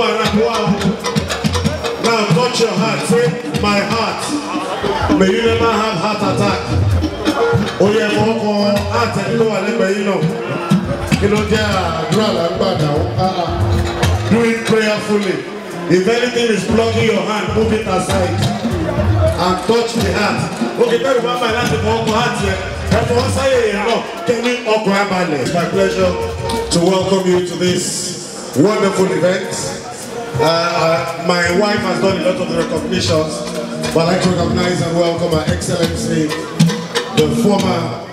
Now touch your heart, say, my heart. May you never have heart attack. Ó oh, heart fọ́ kan àtẹ nínú wà lẹ́gbẹ̀ẹ́ yìí náà. Kí ló jẹ́ àdúrà lágbàdà ó? Do it prayerfully. If anything is blocking your hand, move it aside and touch the heart. Okay, bẹ́ẹ̀ bá bàyìí láti fọ́ ọkọ̀ heart yẹn. Ẹ fọwọ́ sáyé yẹn náà kẹ́mi ọkọ̀ abalẹ̀. It's my pleasure to welcome you to this wonderful event. Uh, uh, my wife has done a lot of the recognitions, but I'd like to recognize and welcome Her Excellency, the former.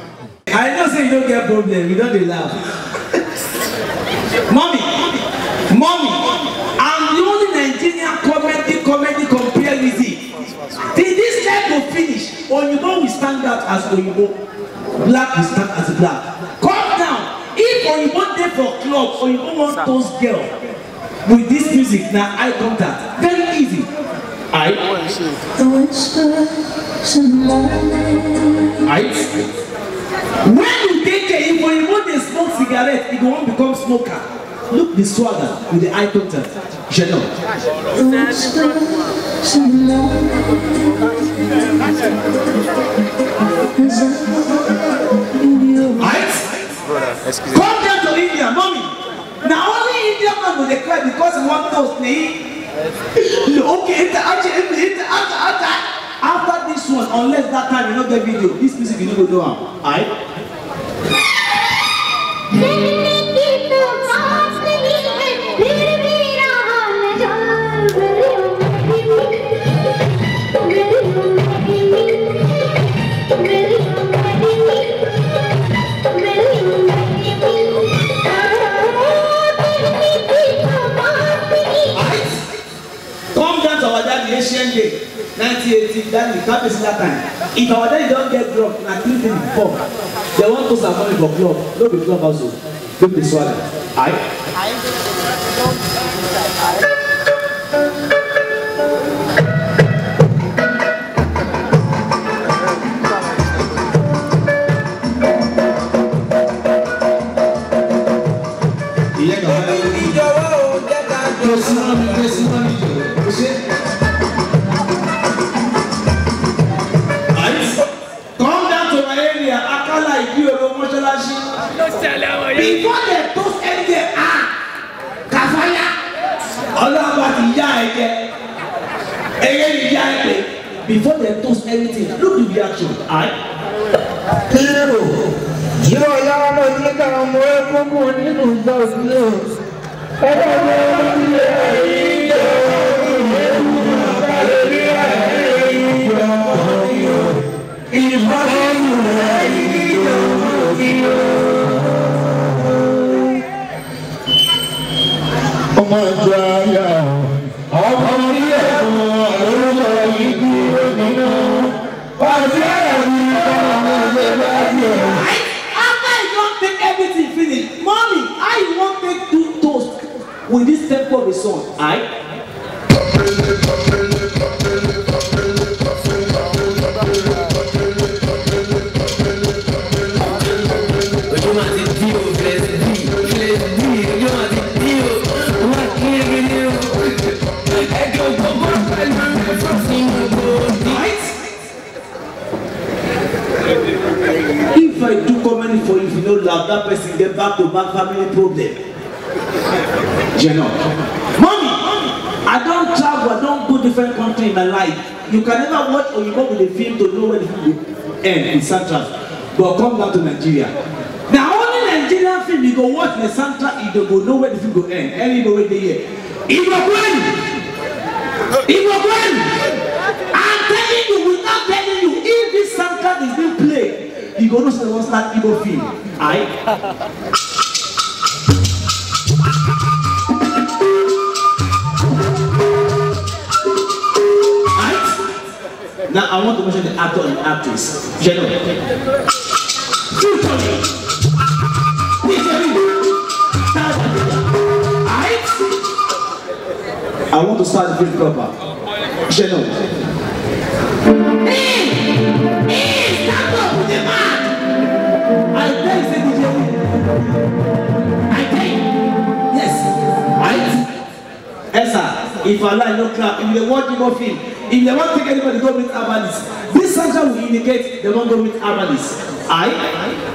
I know say you don't get problem, you don't dey laugh. mommy, mommy, I'm the only Nigerian comedy comedy compared with it. did this time go finish, Oyinbo we stand out as Oyibo. black we stand as black. Come down, if Oyibo dey for club, Oyibo wan those girls with this music now eye contact very easy. Aight. Aight. When you take a if you want dey smoke cigarette, you go wan become smoker. Look the swagger with the eye contact. Jeno. Aight. Come down to India, mommy. Now media man will cry because he wants those things. okay, enter, enter, enter, enter, enter. After this one, unless that time you not get video, this music you no go do it. Alright? 1998 1980 that we come visit that time if our daddy don't get drug na three three four They want to am money for club no be club also. o no be swallow aye. ẹyẹ yìí yá ẹ pé before dem toast anything look the reaction ayi. kílò yóò yára lọ sí káwọn ọmọ ẹgbẹ́ kò nínú ìgbà òsì náà ọwọ́ ọmọ ilé ayé yóò. Ibrahim, Ibrahim, Ibrahim. for his son. i that person get back to back family problem you know. in my life. You can never watch or you go with a film to know when it will end in soundtrack. But come down to Nigeria. Now only Nigerian film you go watch the soundtrack, you don't go know when the film go end. Any go wait the year. It go end. It go end. I'm telling you, without telling you, if this soundtrack is being played, you go know say one start Igbo film. Aye. Now I want to mention the actor and the actress. General. I want to start the proper. General. Hey! Hey! Stand up with the man! I dare say DJ. I dare. Yes. Right? Yes, If I Allah no clap, if the world you no feel, If they want to take anybody, go meet herbalists. This section will indicate they won't go meet herbalists. I. Right?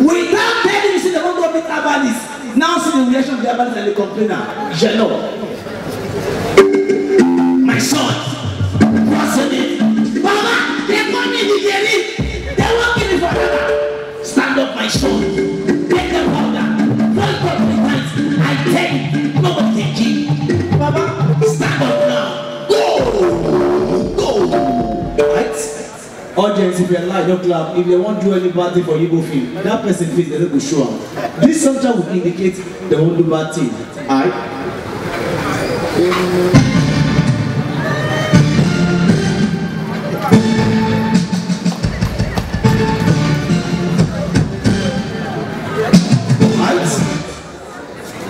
Without telling you, see, they won't go meet herbalists. Now see the reaction of the herbalists and the complainer. Genoa. if you lie don clap if they wan do any bad thing for igbo film that person feels they will show up. this sometimes will indicate dem wan do bad thing alright.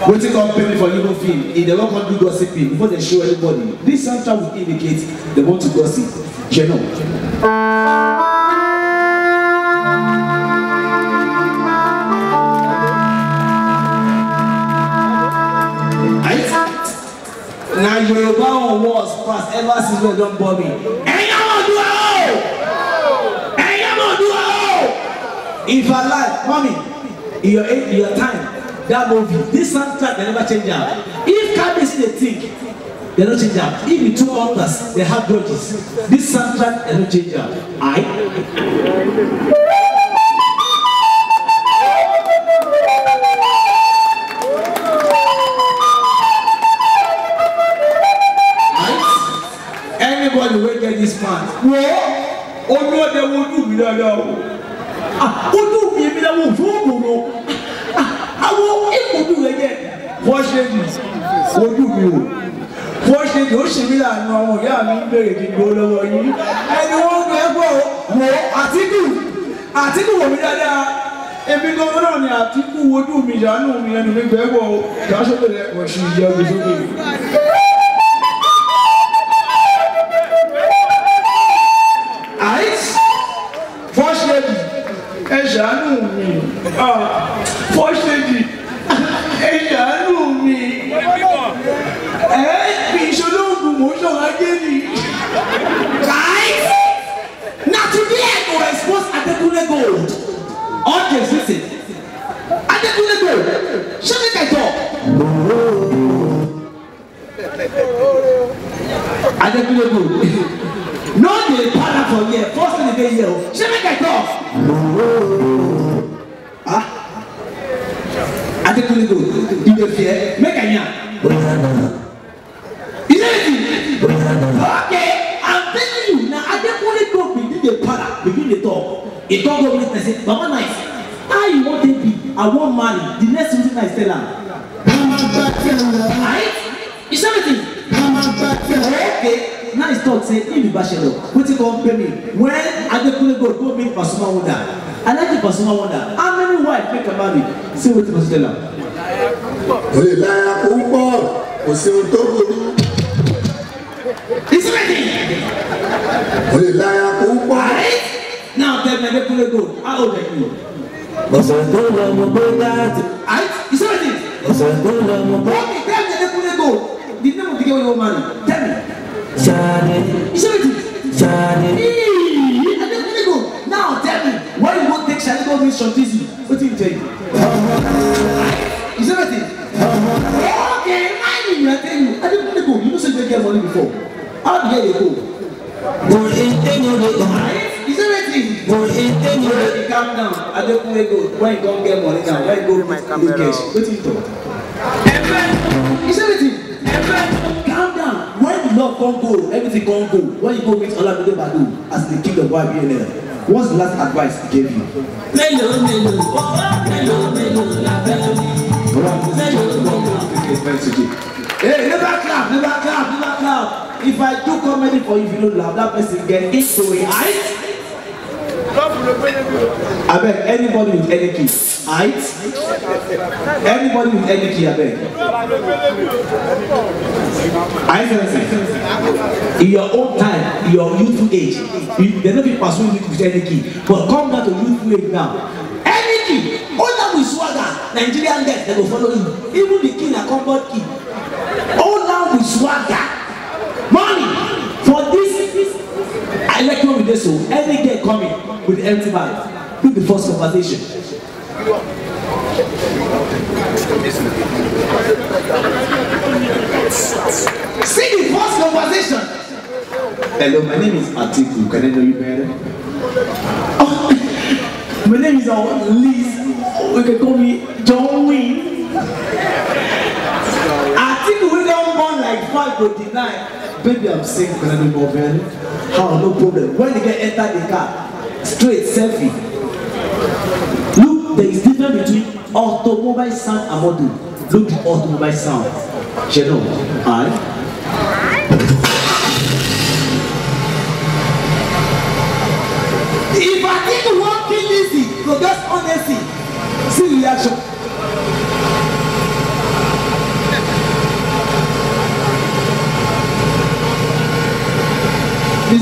wetin come pay me for evil film if they wan come do gossiping before dem show anybody this sometime will indicate they want to gossip you know. na Yorùbá on wars pass ever since we don born me. ẹ̀yin ọmọ òdua o ẹ̀yin ọmọ òdua if I lie mommy, in your in your time that movie this soundtrack they never change am if kabis they think they no change am if you two authors they have grudges this soundtrack they no change am i. this man. wọ́ ojú ọdẹ wo ojú mi dáadáa o ah, ojú mi mi náà wò fún òbòrò àwọn ìkòjú rẹ jẹ wọ́n ṣe ní ojú mi o wọ́n ṣe ní ó ṣe mí lànà ọmọ ìyá mi ń bèrè dìgbò lọ́wọ́ yìí ẹni wọ́n ń gbẹ́gbọ́ wọ́ àtìkù àtìkù wò mí dáadáa èmi gómìnà ni àtìkù ojú mi ìyanu mi ẹnu mi gbẹ́gbọ́ ìdáṣọ́ bẹ̀rẹ̀ wọ́n ṣe ìjẹun sókè. Uh, ìdẹ̀fẹ̀ mẹ́kànyà. ìdẹ́sì ọ̀kẹ́ àbẹ́yìn na adékúnlé tó bìbí de para bìbí de tọ̀ ìtọ́gbọ̀ mi tẹ̀sẹ̀ bàbá náà yìí how you wan take be i wan marry the next thing i tell am. right you see wetin. okay nice talk say im be bachelor wetin come pay me when adekunle go go meet pasuma wonder alaji pasuma wonder how many wife make i marry see wetin pasuma tell am olè láyà kó ń pọ̀ kò sí ohun tó burú. ìsúwèdì. olè láyà kó ń pọ̀. náà tẹ́ mi ẹgbẹ́ kúlẹ̀ gbò ò lè yìí. ọ̀sán tó lọ mọ pé láti. ìsúwèdì. ọ̀sán tó lọ mọ pé. wọ́n tẹ́ mi ẹgbẹ́ kúlẹ̀ di nínú ti wọ́n yóò máa rìn tẹ́ mi. Sade. Ìsúwèdì. Sade. Ìyí ẹgbẹ́ kúlẹ̀ náà tẹ́ mi wọ́n yóò take Sade How did they go? But he didn't know that. Is that it? But he didn't Calm down. I don't don't get money now, when go to my camera. What is it? Is Calm down. When love can't go, everything can't go. When you go meet Olamide Badu as the king of YBNL, what's the last advice he gave you? Melo, melo, oh, melo, melo, la melo, melo, melo, melo. Hey, never clap, never clap, never clap. If I do comedy for you, if you don't laugh, that person get into it. Right? Abeg, anybody with any key, right? Anybody with any key, abeg. I sense in your own time, your youthful age, you, they no fit pursue you with any key, but come down to youthful age now. Any key, that with swagger, Nigerian death, they go follow you. Even the king I na comfort key. that with swagger. I like when we this. so every day, coming with empty bag do the first conversation. See the first conversation. Hello, my name is Atiku. Can I know you better? Oh, my name is uh, Liz. You can call me John Wayne. Atiku, we don't want like five to nine. Baby, I'm single. Can I know you better? Oh, no problem. When the girl enter the car, straight selfie. Look, there is difference between automobile sound and model. Look the automobile sound. Shadow. Alright. If I didn't walk in easy, so that's honesty. See reaction.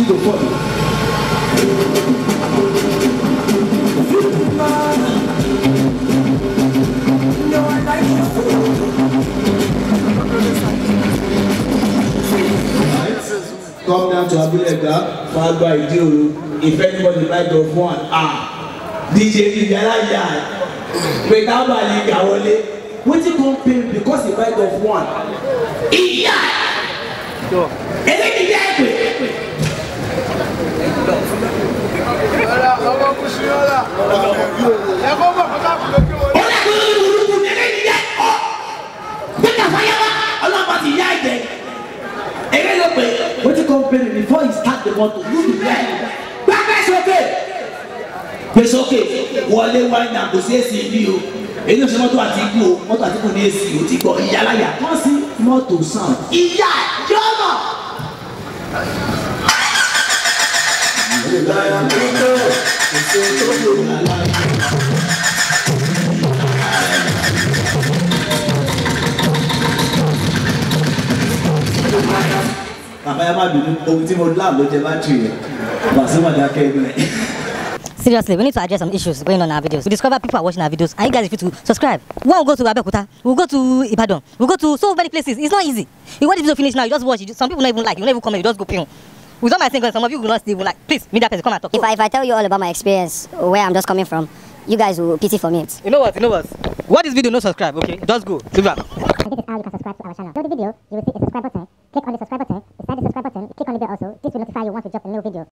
easy to follow. Come down to Abilegba, followed by Idioro. If anybody like the one, ah, DJ Iyalaja, without my league, I will leave. wetin come pain because he buy golf one. Yeah. ìyá eléyìí jẹ́ ẹ̀pẹ̀ wetin come pay start the motor you be there gbàgbé sókè ṣe láyà púpọ̀ èso tó lè wà mo láàmú ló jẹ bátìrì rẹ Pasuma dákẹ́ Seriously, we need to address some issues going on our videos. We discover people are watching our videos. Are you guys free to subscribe? One will go to Abeokuta, we'll go to Ibadan, we'll go to so many places. It's not easy. You want the video finish now, you just watch it. Some people don't even like, you don't even comment, you just go ping. with all my singles, some of you will not sleep. Like, please, meet that person, come and talk. If I, if I tell you all about my experience, where I'm just coming from, you guys will pity for me. You know what, you know what? What this video, no subscribe, okay? Just go, look back. This is how you can subscribe to our channel. Below the video, you will see a subscribe button. Click on the subscribe button. the subscribe button, click on the bell also. This will notify you once we drop a new video.